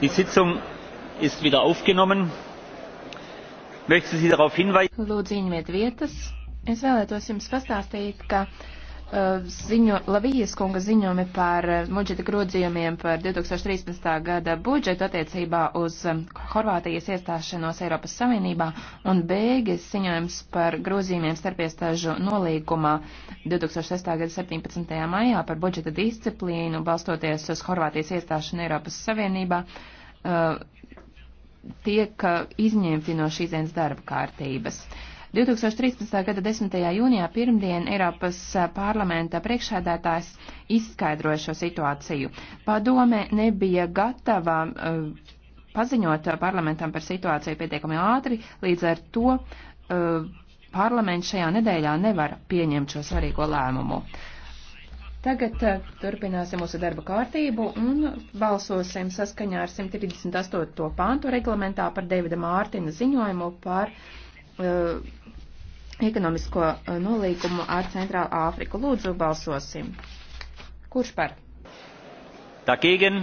Die Sitzung ist wieder aufgenommen. Möchte Sie darauf hinweisen? Lūdzu, ņemiet vietas. Es vēlētos jums pastāstīt, ka Uh, ziņo, Lavijas kunga ziņojumi par budžeta uh, grozījumiem par 2013. gada budžetu attiecībā uz um, Horvātijas iestāšanos Eiropas Savienībā un beigas ziņojums par grozījumiem starpiestāžu nolīgumā 2006. gada 17. maijā par budžeta disciplīnu balstoties uz Horvātijas iestāšanu Eiropas Savienībā uh, tiek izņemti no šīs dienas darba kārtības. Uh, 2013. gada 10. jūnijā pirmdien Eiropas parlamenta priekšsēdētājs izskaidroja šo situāciju. Padome nebija gatava uh, paziņot parlamentam par situāciju pietiekami ātri, līdz ar to uh, parlaments šajā nedēļā nevar pieņemt šo svarīgo lēmumu. Tagad uh, turpināsim mūsu darba kārtību un balsosim saskaņā ar 138. pantu reglamentā par Davida Mārtina ziņojumu par Uh, ekonomisko uh, nolīgumu ar Centrālu Āfriku. Lūdzu, balsosim. Kurš par? Dagegen.